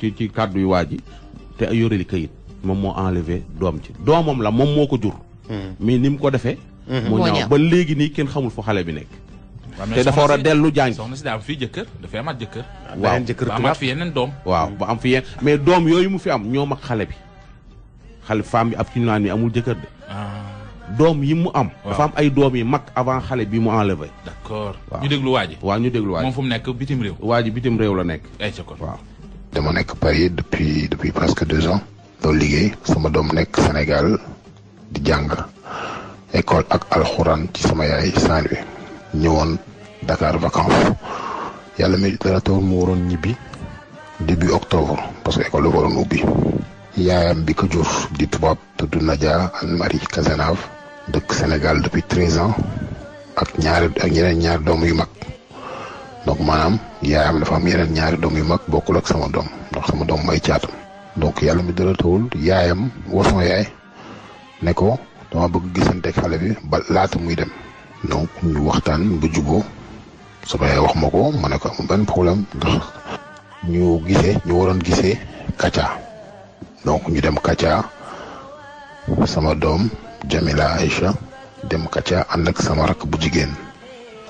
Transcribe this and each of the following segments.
ci ci kàddu yu waa ji te yore li kayit moom moo enlevé doom ci doomam la mom moko jur. Hmm. mais nim ko defee. Hmm. moo ñaaw ba légui ni kenn xamul fu xalé bi nek te dafa wara a dellu jàng soxna si daa am fii jëkkër dafay amaat jëkkër. Ah, waaw ba ma fi yenen dom waaw ba am fi yeneen mais dom yooyu mu fi am ñom ak xalé bi xalé fam bi ab ci ñaan mi amul jëkkër de. Ah. doom yi mu am. dafa am ay dom yi mak avant xalé bi mu enlevé. d'accord ñu déglu waji wa ñu déglu waji mom fu nek bitim rew waji bitim rew la nek. ay ci kon waaw dama nekk Paris depuis depuis presque deux ans doon Ligue. sama doom nekk Sénégal di jàng école ak alxuraan ci sama yaay Saint-Louis Dakar vacances yàlla mi dara taw mu waroon ñibbi début octobre parce que école la waroon ubbi yaayam bi ko jur di tubaab de Nadia Anne-Marie Cazenave de Sénégal depuis 13 ans ak ñaari ak ñeneen ñaar doom yu mag donc maanaam yaayam dafa am yeneen ñaari doom yu mag bokkul ak sama doom ndax sama doom mooy caatam donc yàlla mi dara tawul yaayam woo sama yaay ne ko dama bëgg gisanteeg xale bi ba laata muy dem donc ñu waxtaan bu juboo sama yaay wax ma ko ma ne ko amul benn problème ndax ñu gisee ñu waroon gisee kàccaa donc ñu dem kàccaa sama doom Jamila Aïcha dem kàccaa ànd ak sama rakk bu jigéen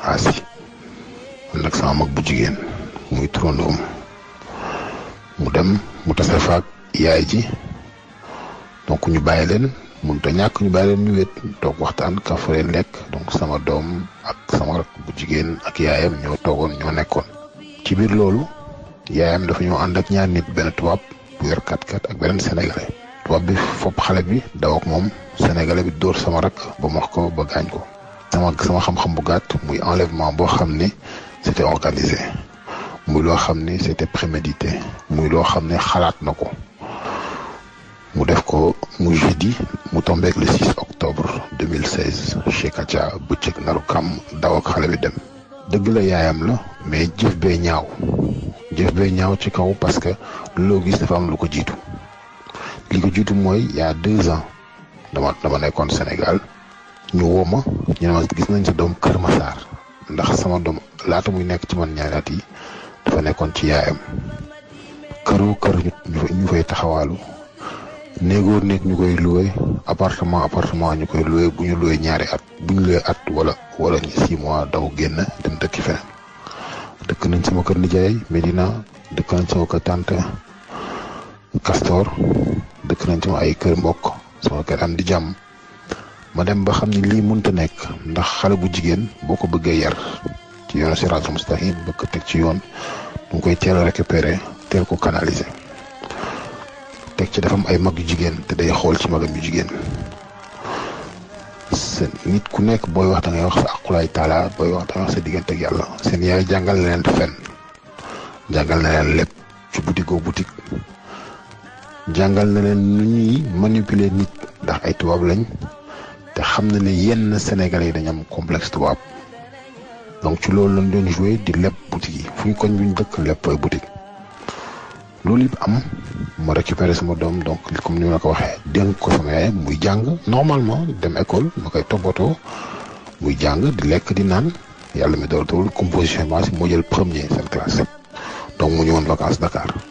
Asi ànd ak sama ak bu jigen muy trondom mu dem mu tase fak yaay ji donc ñu bàyyi len mu ta ñak ñu bàyyi len ñu wét tok waxtaan ka fure lek donc sama dom, ak sama ak bu jigen ak yaayam ñoo togon ñoo nekkon ci bir lolu yaayam dafa ñoo and ak ñaar nit ben tubaab bu yor kat kat ak beneen sénégalais tubaab bi fop xale bi daw ak mom sénégalais bi door sama rak ba mox ko ba gañ ko sama sama xam-xam bu gatt muy enlèvement bo xam c'était organisé muy lo xamné c'était prémédité muy lo xamné xalat nako. na mu def ko mu jeudi mu tombeek le 6 octobre 2016 chez Katia bëccëg naru kam daw ak xale bi dem Deug la yayam la mais jëf bee ñaaw jëf bee ñaaw ci kaw parce que lo gis dafa am lu ko jitu. li ko jiitu il y a deux ans dama dama nekkoon Sénégal ñu woma ñu gis nañ sa doom Kër Massar ndax sama dom laata muy nekk ci man ñaari dafa nekkoon ci yaayam këru kër ñu ñu fay taxawaalu néegoo nit ñu koy loué appartement appartement ñu koy loué bu ñu loué ñaari at bu ñu loué at wala wala 6 mois daw génn dem dëkki feneen dëkk nañ sama kër nijaay medina dëkk nañ sama kër tante castor dëkk nañ sama ay kër mbokk sama kër am di jàmm ma dem ba xam ne lii munta nekk ndax xale bu jigéen boo ko bëggee yar ci yoon siraatul mustahim bëgg ko teg ci yoon mu koy teel a récupérer teel ko canaliser teg ci dafa am ay mag yu jigéen te day xool ci magam yu jigéen seen nit ku nekk booy wax da ngay wax sa aqulaay taala booy wax da wax sa diggante ak yàlla seen yaay jàngal leen fen jàngal na leen lépp ci boutique au boutique jàngal na leen ñuy manipuler nit ndax ay tubaab lañ te xam na ne yenn Sénégalais yi dañu am complexe tubaab donc ci loolu lañ doon joué di lépp boutique yi fu ñu koñ buñ dëkk lépp ay boutique loolu it am ma récupéré sama doom donc comme ni ma ko waxee dénk ko sama yaay muy jàng normalement dem école ma koy toppatoo muy jàng di lekk di naan yàlla mi dool tawul composition base moo jël premier seen classe donc mu ñëwoon vacances Dakar.